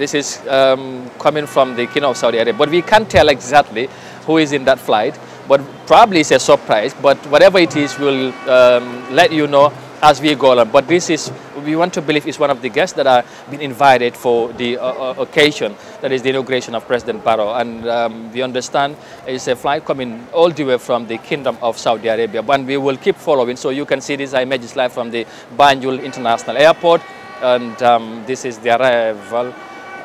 This is um, coming from the King of Saudi Arabia. But we can't tell exactly who is in that flight. But probably it's a surprise. But whatever it is, we'll um, let you know as we go along. But this is, we want to believe is one of the guests that are been invited for the uh, uh, occasion, that is the inauguration of President Barrow. And um, we understand it's a flight coming all the way from the Kingdom of Saudi Arabia. And we will keep following. So you can see these images live from the Banjul International Airport. And um, this is the arrival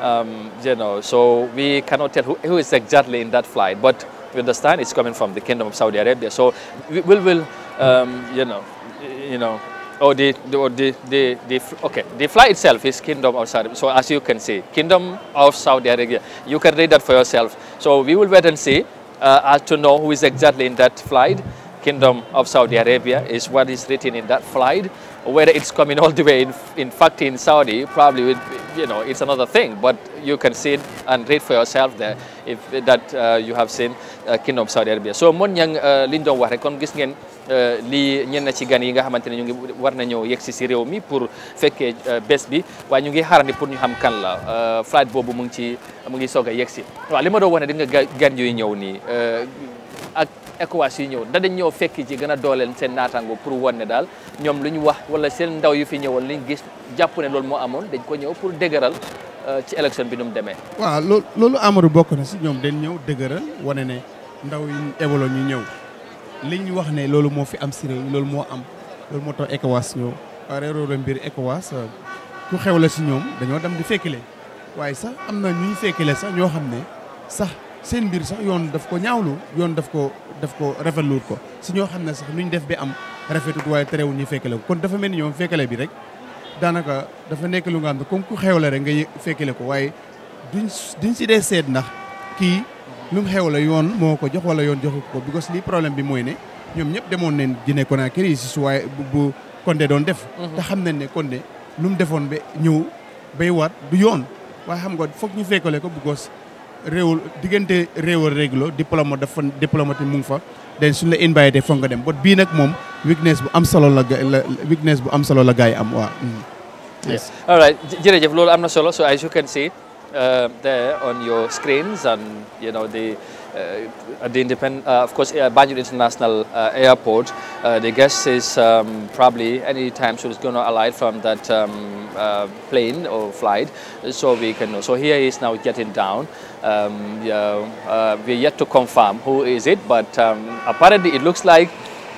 um, you know, so we cannot tell who, who is exactly in that flight, but we understand it's coming from the Kingdom of Saudi Arabia. So we will, will um, you know, you know, or oh, the, or oh, the, the, the, okay, the flight itself is Kingdom of Saudi So as you can see, Kingdom of Saudi Arabia. You can read that for yourself. So we will wait and see uh, to know who is exactly in that flight. Kingdom of Saudi Arabia is what is written in that flight. Whether it's coming all the way, in, in fact, in Saudi, probably, would, you know, it's another thing. But you can see it and read for yourself there if that uh, you have seen uh, Kingdom of Saudi Arabia. So mon yang uh, liñ doon wax rek kon gis ngeen uh, li ñenn ci gan yi nga xamante ne ñu ngi war na ñëw yegg si si réew mi pour fekkee uh, bés bi waaye ñu ngi xaarandi pour ñu xam kan la flight boobu mu ngi ci mu ngi soog a yegg si waaw li ma doon wax di nga gan yuy ñëw nii ECOWAS yi ñëw da dañ ñëw fekki ci gën a dooleel seen naataango pour wan ne daal ñoom lu wax wala seen ndaw yu fi ñëwoon liñ gis jàpp ne loolu moo amoon dañ ko ñëw pour dëgëral euh, ci élection bi nu mu demee. waaw loolu loolu bokk na si ñoom dañ ñëw dëgëral wane ne ndaw yi ebolo ñu ñëw li ñu wax ne loolu moo fi am si réew loolu moo am loolu moo tax ECOWAS ñëw reeroo la mbir ECOWAS euh, ku xew la si ñoom dañoo dem di fekkile waaye sax am na ñuy fekkile sax ñoo xam ne sax seen mbir sax yoon daf ko ñaawlu yoon daf ko daf ko rafetluwut ko si ñoo xam ne sax nuñ def bi am rafetut waaye terewul ñu fekkale ko kon dafa mel ni ñoom fekkale bi rek daanaka dafa nekk lu nga xam ne comme ku xew la rek nga fekkale ko waaye duñ duñ si dee seet ndax kii lu mu xew la yoon moo ko jox wala yoon joxu ko because lii problème bi mooy ne ñoom ñëpp demoon nañ Guinée Conakry si su bu bu dee doon def mhm. te xam nañ ne Condé lu mu defoon ba ñëw bay waat du yoon waaye xam nga foog ñu fekkale ko because réewul diggante réewal réglo diplôme dafa diplomatique mu ngi fa den suñu la invité foog nga dem bot bii nag moom weakness bu am solo la la bu am solo la gars yi am waaw. Mm. yes jërëjëf loolu am na solo so as you can see uh, there on your screens and you know the. Uh, at the independent, uh, of course, uh, Banjul International uh, Airport. the guest is um, probably any time so going to alight from that um, plane or flight, so we can know. So here he is now getting down. Um, yeah, we're yet to confirm who is it, but um, apparently it looks like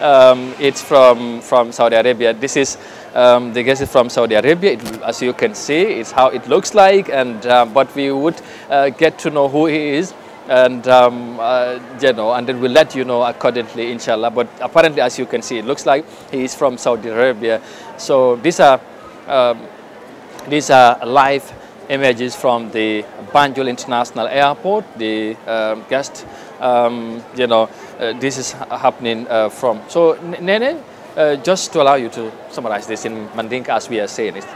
um, it's from from Saudi Arabia. This is um, the guest is from Saudi Arabia. It, as you can see, it's how it looks like, and uh, but we would uh, get to know who he is and um, uh, you know, and then we'll let you know accordingly, inshallah. But apparently, as you can see, it looks like he is from Saudi Arabia. So these are um, these are live images from the Banjul International Airport. The um, guest, um, you know, uh, this is happening uh, from. So Nene, uh, just to allow you to summarize this in Mandinka as we are saying it.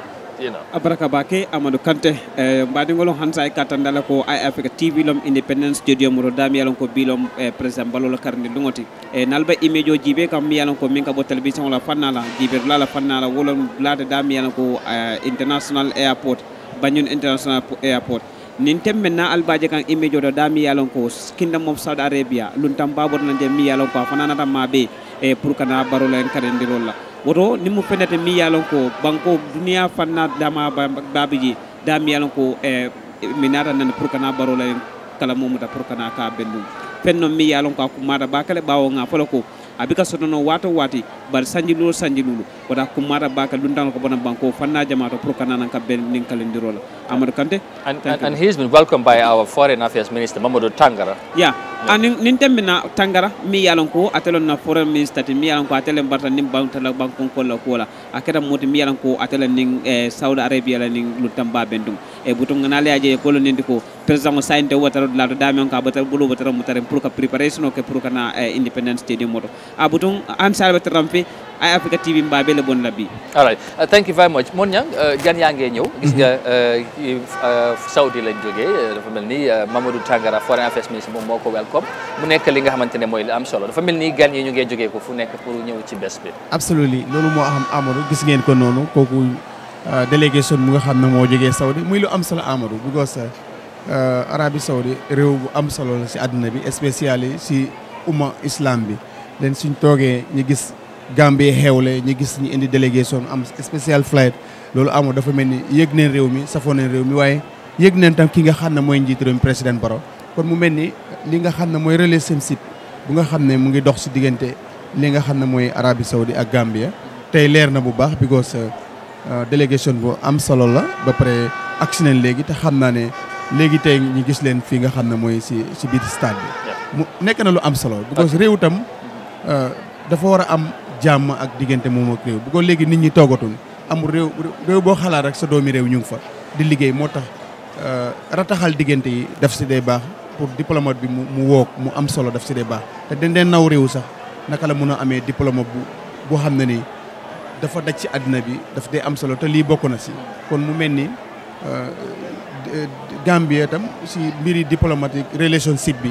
Abaraka Bake, Amadou Kante, e eh, han Hansa kattandala ko Africa TV lom Independence Studio Murodami yalon ko bilom e President Balola Karni Lungoti. Eh, Nalba imejo jibe kam yalon ko minka bo television la fannala jibe la la fanala wolon blade dami yalon ko International Airport, Banyun International Airport. nin temmen na albaje kan immejo do da mi yalon ko kingdom of saudi arabia luntam babor nan je mi yalon ko fananata mabe e pour kana barola en kaden dirol woto ni mu fenete mi yalon ko banko duniya fanna dama babiji da mi yalon ko e mi nata nan pour kana barola en kala momuta pour kana ka bendum fenno mi yalon ko kumata bakale bawo nga folo ko abika sotono wato wati bar sanji lulu sanji lulu wada kumara baka lundan ko bonan banko fanna jamato pro kanana ka ben nin kalendiro la amadu kante and, and, and he's been welcomed by our foreign affairs minister mamadou tangara yeah anin ah, nin tembe tangara mi yalon ko atelon na foreign minister mi yalon ko atelen barta nin bawta la bankon ko la kola aketa moti mi yalon ko atelen nin eh, saudi arabia la nin lutamba bendum e eh, butum ngana le aje ko nin ko president sain de wataro la do dame on ka batal bulu bataro mutare pour ka preparation ke pour kana eh, independence stadium moto a ah, butum am salbe trampe ay africa tv mbabe le bon labi all right uh, thank you very much mon yang uh, jan yange ñew gis nga mm-hmm. uh, uh, saudi lañ joge uh, dafa melni mamadou tangara foreign affairs minister mom moko wel koom mu nekk li nga xamante ne mooy li am solo dafa mel ni gan yi ñu ngee jógee ko fu nekk pour ñëw ci bés bi. absolument loolu moo am Amadou gis ngeen ko noonu kooku euh, délégation mu nga xam ne moo jógee Saudi muy lu am solo Amadou bu goos euh, Arabie Saoudi réew bu am solo la si àddina bi spécial si umma islam bi leen suñ toogee ñu gis Gambie xewle ñu gis ñu indi délégation am spécial flight loolu Amadou dafa mel ni yëg neen réew mi safoon neen réew waaye yëg neen tam ki nga xam ne mooy njiit réew kon mu melni ni li nga moy relais sen site bu nga xamne mu ngi dox ci diggante li nga xamne moy Arabie Saoudi ak Gambia tay leer na bu baax because euh, delegation bu am solo la ba pare legi, legui te xamna ne legui tay ñu gis leen fi nga xamne ne ci si si stade mu nek na lu am solo because tam euh dafa wara am jamm ak diggante mom ak rew bu ko legui nit ñi toogatun amul rew rew bo xalaat rek sa doomi rew ñu ngi fa di liggéey motax tax euh, rataxal def ci day baax pour diplomate bi mu mu wook mu am solo daf si dee baax te dañ dee naw réew sax naka la mun a amee diplomate bu boo xam ne nii dafa daj ci àddina bi daf dee am solo te lii bokk na si kon mu mel ni euh, Gambie tam si mbiri diplomatique relationship bi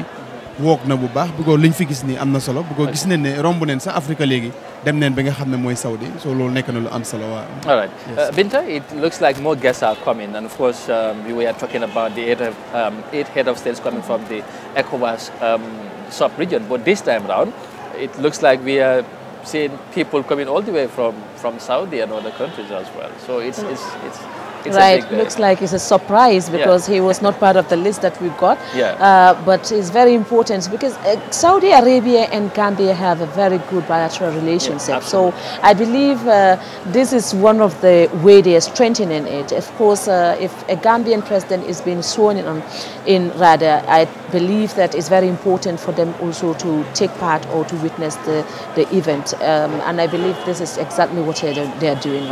wook na bu baax bu li ñu fi gis nii am na solo bu ko gis ne ne romb neen sa Afrique léegi dem neen bi nga Saudi so na lu am solo all right uh, Binta it looks like more guests are coming and of course um, we were talking about the eight um, eight head of states coming from the ECOWAS um, sub-region but this time round it looks like we are seeing people coming all the way from from Saudi and other countries as well so it's it's it's. It's right, looks like it's a surprise because yeah. he was not part of the list that we got. Yeah. Uh, but it's very important because uh, Saudi Arabia and Gambia have a very good bilateral relationship. Yeah, so I believe uh, this is one of the way they are strengthening it. Of course, uh, if a Gambian president is being sworn in, in Rada, I believe that it's very important for them also to take part or to witness the, the event. Um, and I believe this is exactly what they're, doing, are doing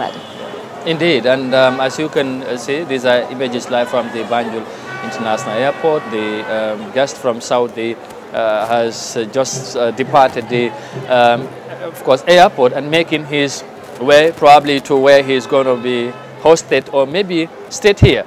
Indeed, and um, as you can uh, see, these are images live from the Banjul International Airport. The um, guest from Saudi uh, has uh, just uh, departed the, um, of course, airport and making his way probably to where he's going to be hosted or maybe stayed here.